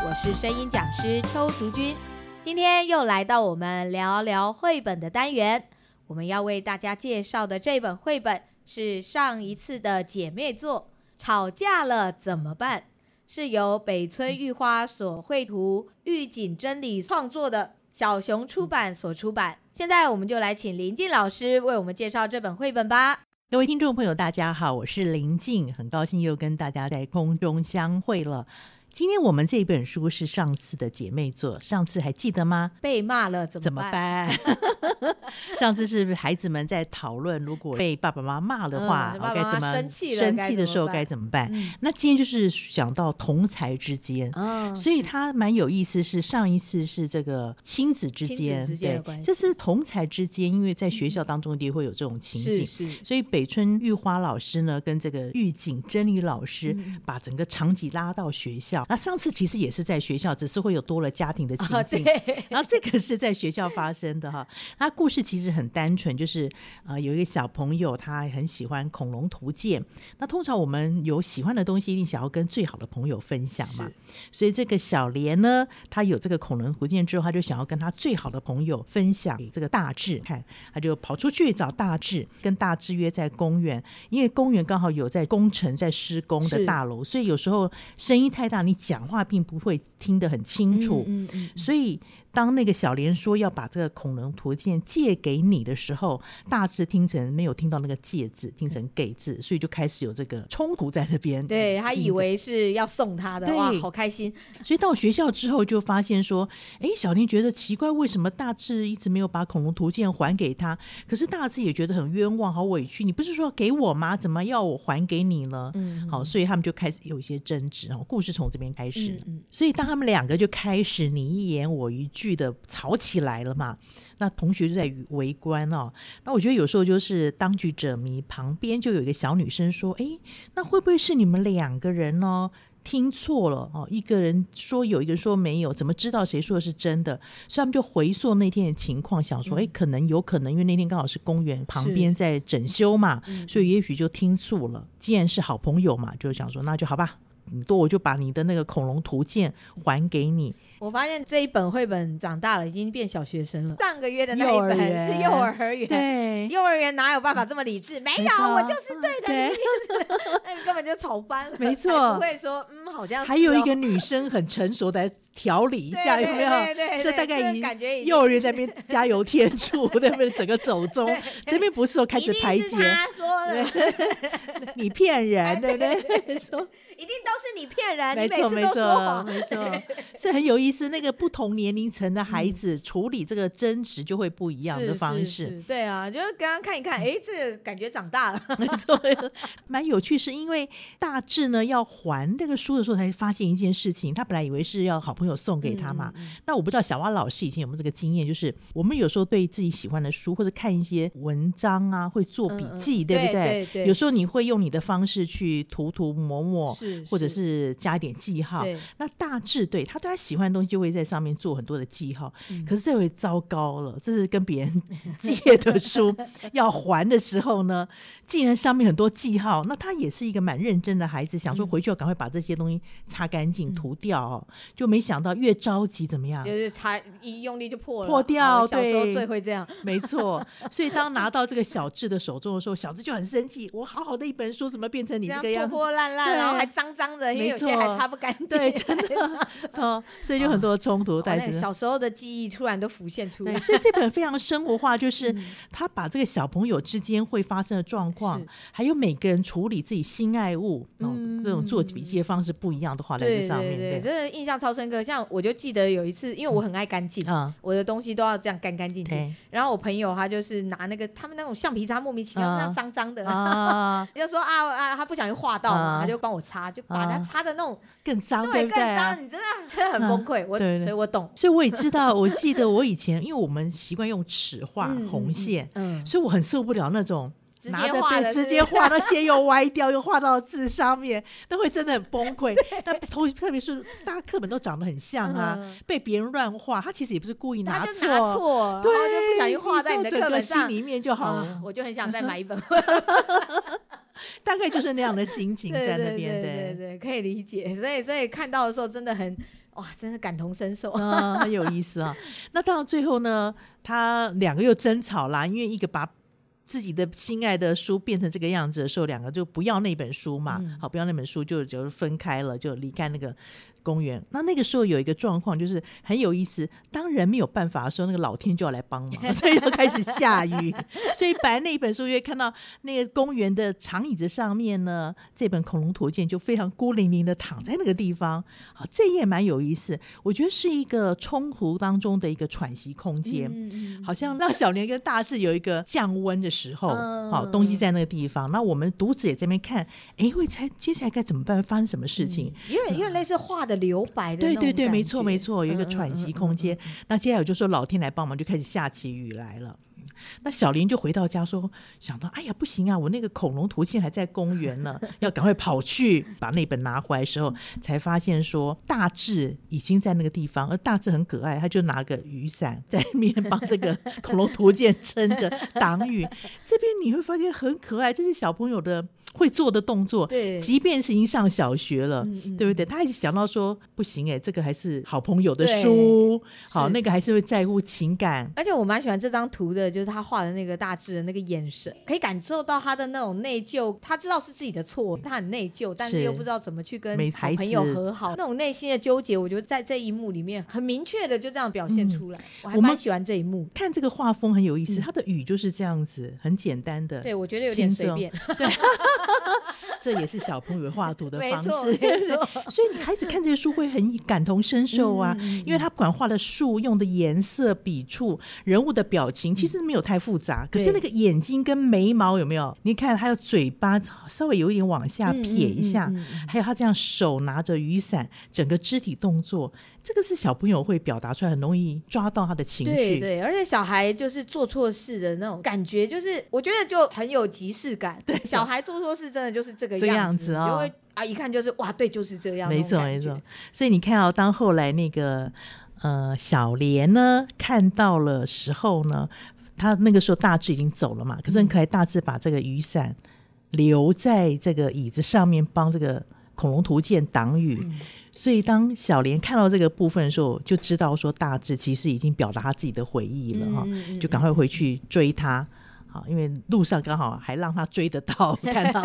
我是聲音講師邱竹君，今天又來到我們聊聊繪本的單元。我們要為大家介紹的這本繪本是上一次的姐妹作《吵架了怎麼辦》，是由北村裕花所繪圖、玉井真理創作的，小熊出版所出版。現在我們就來請玲瀞老師為我們介紹這本繪本吧。各位聽眾朋友，大家好，我是玲瀞，很高興又跟大家在空中相會了。今天我們這一本書是上次的姐妹作，上次還記得嗎？被罵了怎麼怎麼辦？麼辦 上次是不是孩子們在討論，如果被爸爸媽媽罵的話，嗯、我該怎麼生氣？生氣的時候該怎麼辦？嗯、那今天就是講到同儕之間，嗯、所以他蠻有意思。是上一次是這個親子之間，之間對，這、就是同儕之間，因為在學校當中一定會有這種情景，嗯、是是所以北村裕花老師呢，跟這個獄警真理老師、嗯、把整個場景拉到學校。那上次其實也是在學校，只是會有多了家庭的情景，啊、然後這個是在學校發生的哈。 那故事其實很單純，就是啊、呃，有一個小朋友他很喜歡恐龍圖鑑。那通常我們有喜歡的東西，一定想要跟最好的朋友分享嘛。是所以這個小蓮呢，她有這個恐龍圖鑑之後，她就想要跟她最好的朋友分享給這個大志看。她就跑出去找大志，跟大志約在公園，因為公園剛好有在工程在施工的大樓，是所以有時候聲音太大，你。你講話並不會聽得很清楚，嗯嗯嗯，所以。當那個小蓮說要把這個恐龍圖鑑借給你的時候，大致聽成沒有聽到那個“借”字，聽成“給”字，所以就開始有這個衝突在那邊。對他以為是要送他的，對哇，好開心。所以到學校之後就發現說，哎、欸，小蓮覺得奇怪，為什麼大致一直沒有把恐龍圖鑑還給他？可是大致也覺得很冤枉，好委屈，你不是說給我嗎？怎麼要我還給你呢？嗯，嗯，好，所以他們就開始有一些爭執。哦，故事從這邊開始。嗯嗯，所以當他們兩個就開始你一言我一句。劇的吵起來了嘛？那同學就在圍觀哦。那我覺得有時候就是當局者迷，旁邊就有一個小女生說：“誒，那會不會是你們兩個人呢，哦？聽錯了哦，一個人說有，一個人說沒有，怎麼知道誰說的是真的？”所以他們就回溯那天的情況，想說：“誒，可能有可能，因為那天剛好是公園旁邊在整修嘛，嗯、所以也許就聽錯了。既然是好朋友嘛，就想說那就好吧。多我就把你的那個恐龍圖鑑還給你。嗯”我發現這一本繪本長大了，已經變小學生了。上個月的那本是幼兒園，對，幼兒園哪有辦法這麼理智？沒有，我就是對的，你根本就吵翻了。沒錯，不會說嗯，好像還有一個女生很成熟的調理一下，有沒有？這大概已經感覺幼兒園在那邊加油添醋，那邊整個走中這邊不是說開始排解，你騙人，對不對？沒錯，一定都是你騙人，你每次都說謊，沒錯沒錯。沒錯，是很有意。是那個不同年齡層的孩子處理這個爭執就會不一樣的方式。嗯、是是是對啊，就是剛剛看一看，哎、欸，這個、感覺長大了， 沒錯，蠻有趣是。是因為大致呢要還這個書的時候，才發現一件事情。他本來以為是要好朋友送給他嘛。嗯、那我不知道小蛙老師以前有沒有這個經驗，就是我們有時候對自己喜歡的書或者看一些文章啊，會做筆記，嗯嗯對不對？對對對，有時候你會用你的方式去塗塗抹抹，是是或者是加一點記號。對那大致對他對他喜歡的東就會在上面做很多的記號，可是這回糟糕了，這是跟別人借的書，要還的時候呢，既然上面很多記號，那他也是一個蠻認真的孩子，想說回去要趕快把這些東西擦乾淨、塗掉，就沒想到越着急怎麼樣，就是擦一用力就破了、破掉。小時候最會這樣，沒錯。所以當拿到這個小智的手中的時候，小智就很生氣，我好好的一本書怎麼變成你這個樣子，破破爛爛，然後還髒髒的，因為有些還擦不乾淨，對，真的。哦，所以。有很多衝突，但是小時候的記憶突然都浮現出來。所以這本非常生活化，就是他把這個小朋友之間會發生的狀況，還有每個人處理自己心愛物，嗯，這種做筆記的方式不一樣的話，在這上面，對，真的印象超深刻。像我就記得有一次，因為我很愛乾淨，我的東西都要這樣乾乾淨淨。然後我朋友他就是拿那個他們那種橡皮擦，莫名其妙那樣髒髒的。人就說啊啊，他不小心畫到了，他就幫我擦，就把它擦的那種更髒，對，更髒，你真的很崩潰。對，所以我懂，所以我也知道。我記得我以前，因為我們習慣用尺畫紅線，所以我很受不了那種拿着筆，直接畫那線又歪掉，又畫到字上面，那會真的很崩潰。那特別是大家課本都長得很像啊，被別人亂畫，他其實也不是故意拿錯，然後就不小心畫在你的課本上裡面就好了。我就很想再買一本，大概就是那樣的心情在那邊的，對，可以理解。所以，所以看到的時候真的很。哇，真的感同身受啊，很有意思啊。 那到最後呢，他兩個又爭吵啦，因為一個把自己的心愛的書變成這個樣子的時候，兩個就不要那本書嘛，嗯、好，不要那本書就就分開了，就離開那個。公園，那那個時候有一個狀況，就是很有意思。當人沒有辦法的時候，那個老天就要來幫忙，所以要開始下雨。 所以本來那本書，你會看到那個公園的長椅子上面呢，這本恐龍圖鑑就非常孤零零的躺在那個地方。好、啊，這頁蠻有意思，我覺得是一個衝突當中的一個喘息空間，嗯、好像讓小蓮跟大志有一個降溫的時候。好、嗯啊，東西在那個地方，那我們讀者也在那邊看，哎、欸，會猜接下來該怎麼辦，發生什麼事情？因為因為類似畫的。留白的對對對，沒錯沒錯，有一個喘息空間。那接下來我就說老天來幫忙，就開始下起雨來了。那小林就回到家說：“想到哎呀，不行啊，我那個恐龍圖鑑還在公園呢， 要趕快跑去把那本拿回來。”的時候， 才發現說大智已經在那個地方，而大智很可愛，他就拿個雨傘在面幫這個恐龍圖鑑撐着擋雨。 這邊你會發現很可愛，這是小朋友的會做的動作，對，即便是已經上小學了，嗯嗯、對不對？他一直想到說：“不行、欸，哎，這個還是好朋友的書，對好，是那個還是會在乎情感。”而且我蠻喜歡這張圖的，就是。他畫的那個大致的那個眼神，可以感受到他的那種內疚。他知道是自己的錯，他很內疚，但是又不知道怎麼去跟好朋友和好，那種內心的糾結，我覺得在這一幕裡面很明確的就這樣表現出來。我還蠻喜歡這一幕。看這個畫風很有意思，他的雨就是這樣子，很簡單的。對，我覺得有點隨便。對，這也是小朋友畫圖的方式。對，所以，你孩子看這些書會很感同身受啊，因為他不管畫的樹、用的顏色、筆觸、人物的表情，其實。沒有太複雜，可是那個眼睛跟眉毛對有沒有？你看，還有嘴巴稍微有一點往下撇一下，嗯嗯嗯嗯、還有他這樣手拿着雨傘，整個肢體動作，這個是小朋友會表達出來，很容易抓到他的情緒。對對，而且小孩就是做錯事的那種感覺，就是我覺得就很有即視感。對，對，小孩做錯事真的就是這個樣子啊，因、哦、會啊，一看就是哇，對，就是這樣。沒錯沒錯，所以你看到、哦、當後來那個呃小蓮呢看到了時候呢。他那個時候大致，已經走了嘛，可是很可愛，大致把這個雨傘留在這個椅子上面，幫這個恐龍圖鑑擋雨。嗯、所以當小蓮看到這個部分的時候，就知道說大致其實已經表達他自己的悔意了哈，嗯嗯嗯，就趕快回去追他。好，因為路上剛好還讓他追得到，看到，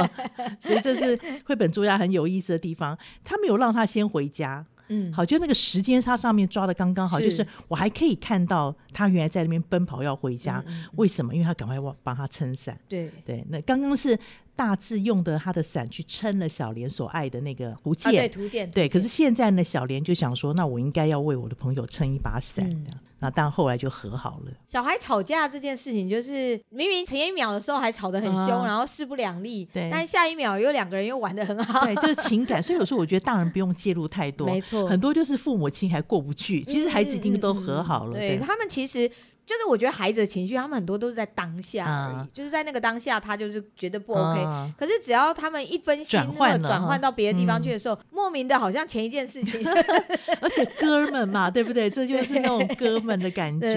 所以這是繪本作家很有意思的地方。他沒有讓他先回家。嗯，好，就那個時間差上面抓的剛剛好，是就是我還可以看到他原來在那邊奔跑要回家，嗯嗯、為什麼？因為他趕快幫幫他撐傘，對對，那剛剛是。大致用的他的傘去撐了小蓮所愛的那個弧劍，對，可是現在呢，小蓮就想說，那我應該要為我的朋友撐一把傘。那當然後來就和好了。小孩吵架這件事情，就是明明前一秒的時候還吵得很兇，然後勢不兩立，對，但下一秒又兩個人又玩得很好，對，就是情感。所以有時候我覺得大人不用介入太多，沒錯，很多就是父母親還過不去，其實孩子已經都和好了。對他們其實。就是我覺得孩子的情緒，他們很多都是在當下而已，就是在那個當下，他就是覺得不 OK。可是只要他們一分心，轉換到別的地方去的時候，莫名的好像前一件事情。而且哥們嘛，對不對？這就是那種哥們的感覺。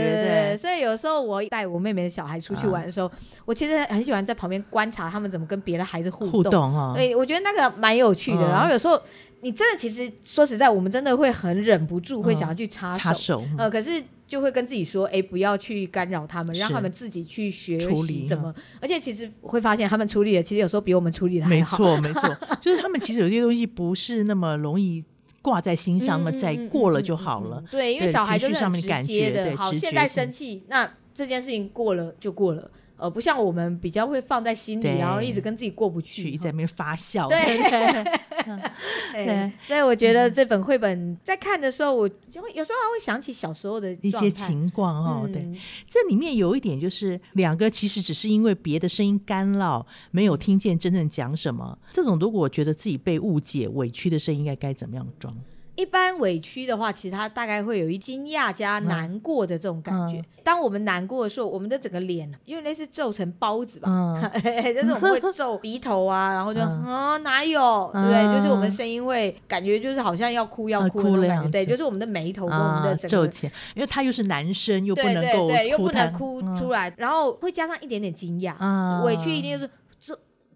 對，所以有時候我帶我妹妹的小孩出去玩的時候，我其實很喜歡在旁邊觀察他們怎麼跟別的孩子互動互動哈。對，我覺得那個蠻有趣的。然後有時候，你真的其實說實在，我們真的會很忍不住會想要去插手。插手。呃，可是。就會跟自己說，哎，不要去干擾他們，讓他們自己去學習怎麼。而且其實會發現他們處理的，其實有時候比我們處理的還好。沒錯，沒錯， 就是他們其實有些東西不是那麼容易掛在心上的，再、嗯、過了就好了。嗯嗯嗯嗯、對，對，因為小孩子是上面的感覺，好覺現在生氣，那這件事情過了就過了。呃，不像我們比較會放在心裡，對然後一直跟自己過不去，去一直在那邊發笑。對，所以我覺得這本繪本在看的時候，我就會有時候還會想起小時候的一些情況哦。嗯、對，這裡面有一點就是，嗯、兩個其實只是因為別的聲音干擾，沒有聽見真正講什麼。這種如果我覺得自己被誤解、委屈的聲音，應該該怎麼樣裝？一般委屈的話，其實他大概會有一驚訝加難過的這種感覺。當我們難過的時候，我們的整個臉，因為那是皺成包子嘛，就是我們會皺鼻頭啊，然後就嗯哪有，對，就是我們聲音會感覺就是好像要哭要哭了感覺，對，就是我們的眉頭和我們的整個皺起。因為他又是男生，又不能夠哭，又不能哭出來，然後會加上一點點驚訝，委屈一定是。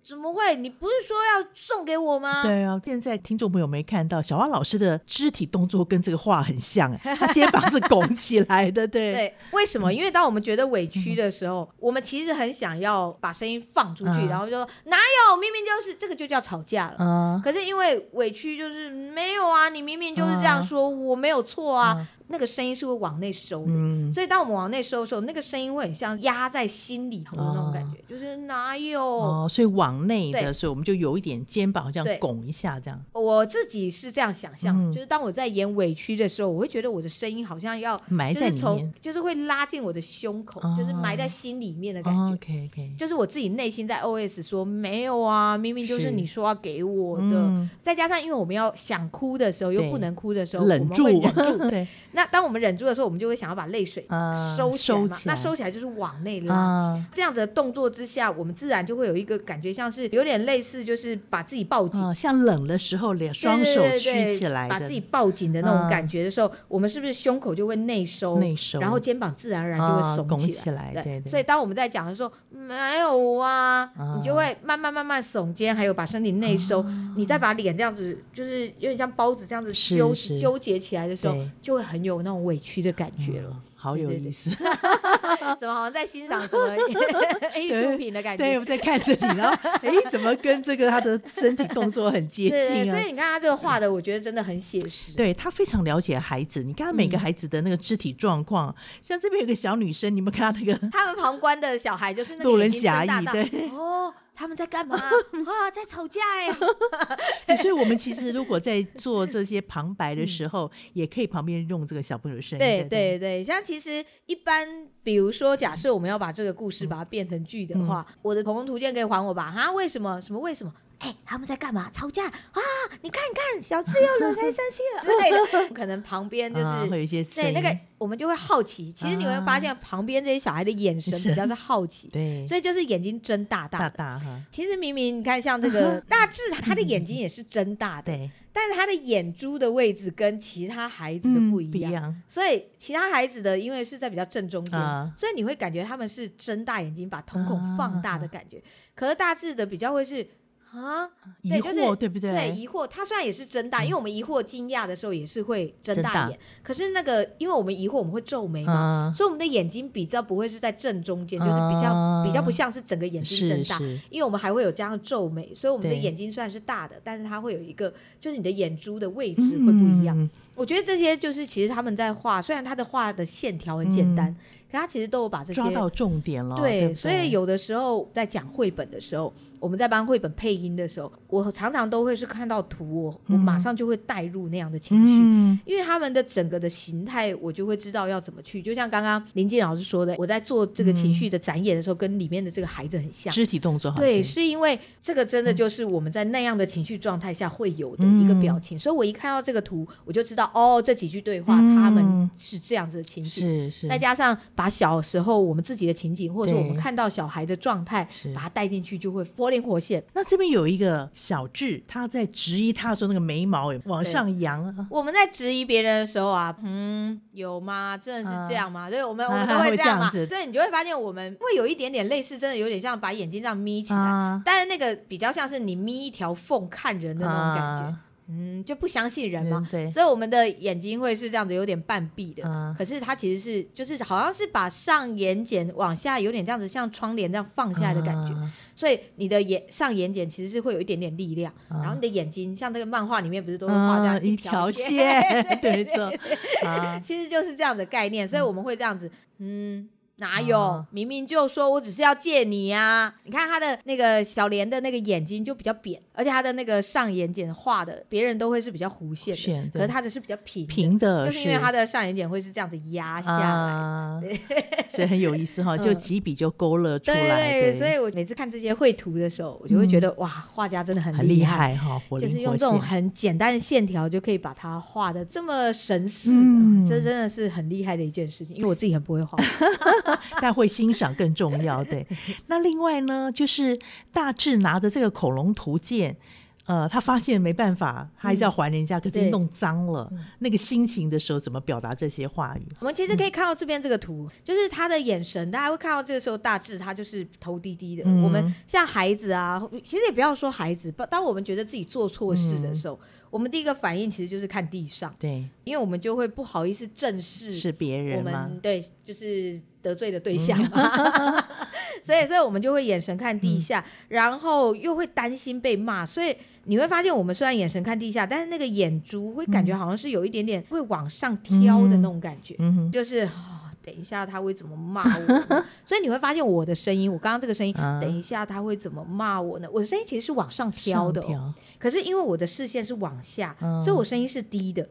怎麼會？你不是說要送給我嗎？對啊，現在聽眾朋友沒看到小蛙老師的肢體動作跟這個畫很像，他肩膀是拱起來的，對。 對，為什麼？因為當我們覺得委屈的時候，嗯、我們其實很想要把聲音放出去，嗯、然後就說哪有，明明就是這個就叫吵架了。嗯、可是因為委屈就是沒有啊，你明明就是這樣說，嗯、我沒有錯啊，嗯、那個聲音是會往內收的。嗯、所以當我們往內收的時候，那個聲音會很像壓在心裡頭的那種感覺，嗯、就是哪有。哦、所以往。內的時候，我們就有一點肩膀好像拱一下，這樣。我自己是這樣想象，嗯、就是當我在演委屈的時候，我會覺得我的聲音好像要埋在從，就是會拉進我的胸口，哦、就是埋在心裡面的感覺。哦、okay, okay, 就是我自己內心在 OS 說：“沒有啊，明明就是你說要給我的。”嗯、再加上因為我們要想哭的時候又不能哭的時候，住忍住，忍住。 那當我們忍住的時候，我們就會想要把淚水收起來嘛、呃、收起來，那收起來就是往內拉。呃、這樣子的動作之下，我們自然就會有一個感覺像。像是有點類似，就是把自己抱緊，像冷的時候雙手曲起來，把自己抱緊的那種感覺的時候，我們是不是胸口就會內收，內收，然後肩膀自然而然就會聳起來。對，所以當我們在講的時候，沒有啊，你就會慢慢慢慢聳肩，還有把身體內收，你再把臉這樣子，就是有點像包子這樣子糾糾結起來的時候，就會很有那種委屈的感覺了。好有意思，怎麼好像在欣賞什麼藝術品的感覺？對，我們在看著你呢哎、欸，怎麼跟這個他的身體動作很接近啊？對對對，所以你看他這個畫的，我覺得真的很寫實。對，他非常了解孩子，你看他每個孩子的那個肢體狀況，嗯、像這邊有個小女生，你們看到那個他們旁觀的小孩就是路人甲乙對、哦他們在幹嘛？ 啊，在吵架哎、欸！ 所以，我們其實如果在做這些旁白的時候，嗯、也可以旁邊用這個小朋友的聲音。對對對，對對對，像其實一般，比如說，假設我們要把這個故事把它變成劇的話，嗯嗯、我的恐龍圖鑑可以還我吧？哈，為什麼？什麼為什麼？哎，他們在幹嘛？吵架啊！你看看，小智又惹他生氣了之類的。可能旁邊就是會有一些對那個，我們就會好奇。其實你會發現，旁邊這些小孩的眼神比較是好奇，對，所以就是眼睛睜大大的。其實明明你看，像這個大智，他的眼睛也是睜大的，對，但是他的眼珠的位置跟其他孩子的不一樣，所以其他孩子的因為是在比較正中間，所以你會感覺他們是睜大眼睛把瞳孔放大的感覺。可是大智的比較會是。啊，疑惑對不對？對，疑惑。他雖然也是睜大，因為我們疑惑、驚訝的時候也是會睜大眼。可是那個，因為我們疑惑，我們會皺眉嘛，所以我們的眼睛比較不會是在正中間，就是比較比較不像是整個眼睛睜大，因為我們還會有這樣皺眉，所以我們的眼睛雖然是大的，但是它會有一個，就是你的眼珠的位置會不一樣。我覺得這些就是其實他們在畫，雖然他的畫的線條很簡單。大家其實都有把這些抓到重點了，對，對對，所以有的時候在講繪本的時候，我們在幫繪本配音的時候，我常常都會是看到圖、哦，嗯、我馬上就會帶入那樣的情緒，嗯、因為他們的整個的形態，我就會知道要怎麼去。就像剛剛玲瀞老師說的，我在做這個情緒的展演的時候，嗯、跟裡面的這個孩子很像，肢體動作好。對，是因為這個真的就是我們在那樣的情緒狀態下會有的一個表情，嗯、所以我一看到這個圖，我就知道哦，這幾句對話、嗯、他們是這樣子的情緒，是是，是再加上把、啊、小時候我們自己的情景，或者說我們看到小孩的狀態，把它帶進去，就會活靈活現。那這邊有一個小智，他在質疑他說那個眉毛也往上揚、啊。我們在質疑別人的時候啊，嗯，有嗎？真的是這樣嗎？啊、對，我們我們都會這樣，啊、會這樣子。對你就會發現我們會有一點點類似，真的有點像把眼睛這樣眯起來，啊、但是那個比較像是你眯一條縫看人的那種感覺。啊嗯，就不相信人嘛，嗯、對，所以我們的眼睛會是這樣子，有點半閉的。嗯、可是它其實是就是好像是把上眼瞼往下有點這樣子，像窗簾這樣放下來的感覺。嗯、所以你的眼上眼瞼其實是會有一點點力量，嗯、然後你的眼睛像這個漫畫裡面不是都會畫這樣一條線？對，沒錯、嗯，其實就是這樣的概念，所以我們會這樣子，嗯。哪有？明明就說，我只是要借你啊！你看他的那個小蓮的那個眼睛，就比較扁，而且他的那個上眼瞼畫的，別人都會是比較弧線的，可是他的是比較平平的，就是因為他的上眼瞼會是這樣子壓下，所以很有意思哈！就幾筆就勾勒出來。對，所以我每次看這些繪圖的時候，我就會覺得哇，畫家真的很很厲害哈！就是用這種很簡單的線條就可以把它畫得這麼神似，這真的是很厲害的一件事情。因為我自己很不會畫。 但會欣賞更重要。對，那另外呢，就是大致拿着這個恐龍圖鑑。呃，他發現沒辦法，他還是要還人家，嗯、可是弄髒了、嗯、那個心情的時候，怎麼表達這些話語？我們其實可以看到這邊這個圖，嗯、就是他的眼神，大家會看到這個時候，大致他就是頭低低的。嗯、我們像孩子啊，其實也不要說孩子，當我們覺得自己做錯事的時候，嗯、我們第一個反應其實就是看地上，對，因為我們就會不好意思正視我們，是別人嗎？對，就是得罪的對象。嗯 所以，所以我們就會眼神看地下，嗯、然後又會擔心被罵。所以你會發現，我們雖然眼神看地下，但是那個眼珠會感覺好像是有一點點會往上挑的那種感覺，嗯嗯、就是、哦、等一下他會怎麼罵我？ 所以你會發現我的聲音，我剛剛這個聲音，嗯、等一下他會怎麼罵我呢？我的聲音其實是往上挑的、哦，上挑、可是因為我的視線是往下，嗯、所以我聲音是低的。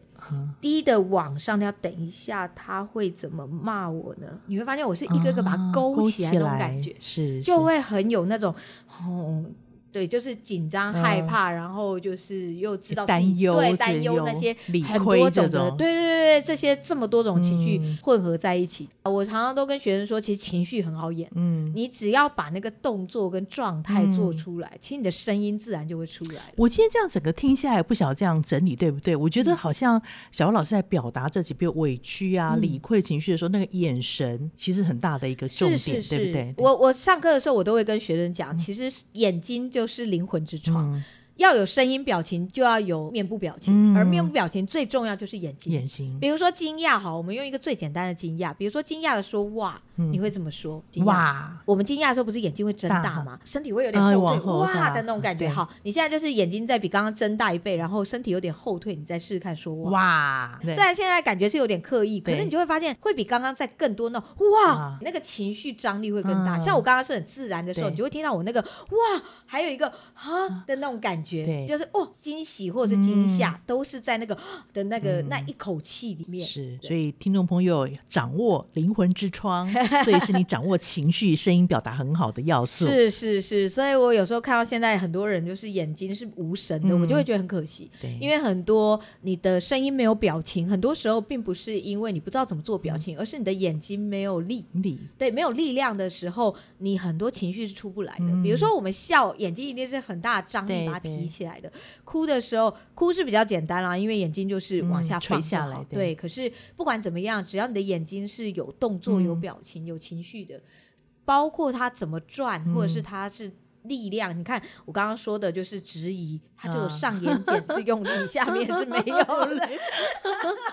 低的往上，要等一下，他會怎麼罵我呢？你會發現，我是一個一個把它勾，啊，勾起來，那種感覺是，是就會很有那種、嗯對，就是緊張、害怕，然後就是又知道擔憂，對，擔憂那些理虧的，對對對對，這些這麼多種情緒混合在一起。我常常都跟學生說，其實情緒很好演，嗯，你只要把那個動作跟狀態做出來，其實你的聲音自然就會出來。我今天這樣整個聽下來，不曉得這樣整理對不對？我覺得好像小蛙老師在表達這幾步委屈啊、理虧情緒的時候，那個眼神其實很大的一個重點，對不對？我我上課的時候，我都會跟學生講，其實眼睛就。都是靈魂之窗。嗯要有聲音表情，就要有面部表情，而面部表情最重要就是眼睛。眼睛，比如說驚訝哈，我們用一個最簡單的驚訝，比如說驚訝的說哇，你會怎麼說哇？我們驚訝的時候不是眼睛會睜大嗎？身體會有點後退哇的那種感覺哈。你現在就是眼睛在比剛剛睜大一倍，然後身體有點後退，你再試試看說哇。雖然現在感覺是有點刻意，可是你就會發現會比剛剛在更多那種哇，你那個情緒張力會更大。像我剛剛是很自然的時候，你就會聽到我那個哇，還有一個哈的那種感覺。對，就是哦，驚喜或者是驚嚇，都是在那個的那個那一口氣裡面。是，所以聽眾朋友掌握靈魂之窗，所以是你掌握情緒聲音表達很好的要素。是是是，所以我有時候看到現在很多人就是眼睛是無神的，我就會覺得很可惜。對，因為很多你的聲音沒有表情，很多時候並不是因為你不知道怎麼做表情，而是你的眼睛沒有力力，對，沒有力量的時候，你很多情緒是出不來的。比如說我們笑，眼睛一定是很大張的，吧？提起來的，哭的時候，哭是比較簡單啦，因為眼睛就是往下的，嗯、垂下來。對，對，可是不管怎麼樣，只要你的眼睛是有動作、嗯、有表情、有情緒的，包括它怎麼轉，嗯、或者是它是。力量，你看我剛剛說的就是質疑。它只有上眼瞼是用力，嗯、 下面是沒有的。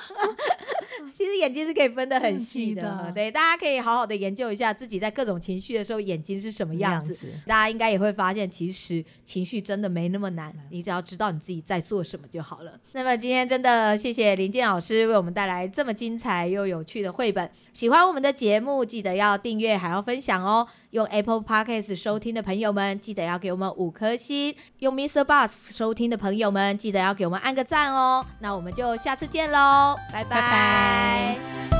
其實眼睛是可以分得很細的，的對，大家可以好好的研究一下自己在各種情緒的時候眼睛是什麼樣子。樣子大家應該也會發現，其實情緒真的沒那麼難，有你只要知道你自己在做什麼就好了。有那麼今天真的謝謝玲瀞老師為我們帶來這麼精彩又有趣的繪本。喜歡我們的節目，記得要訂閱，還要分享哦。用 Apple Podcast 收聽的朋友們。記得要給我們五顆星，用 Mr. Bus 收聽的朋友們，記得要給我們按個讚哦。那我們就下次見嘍，拜拜。拜拜。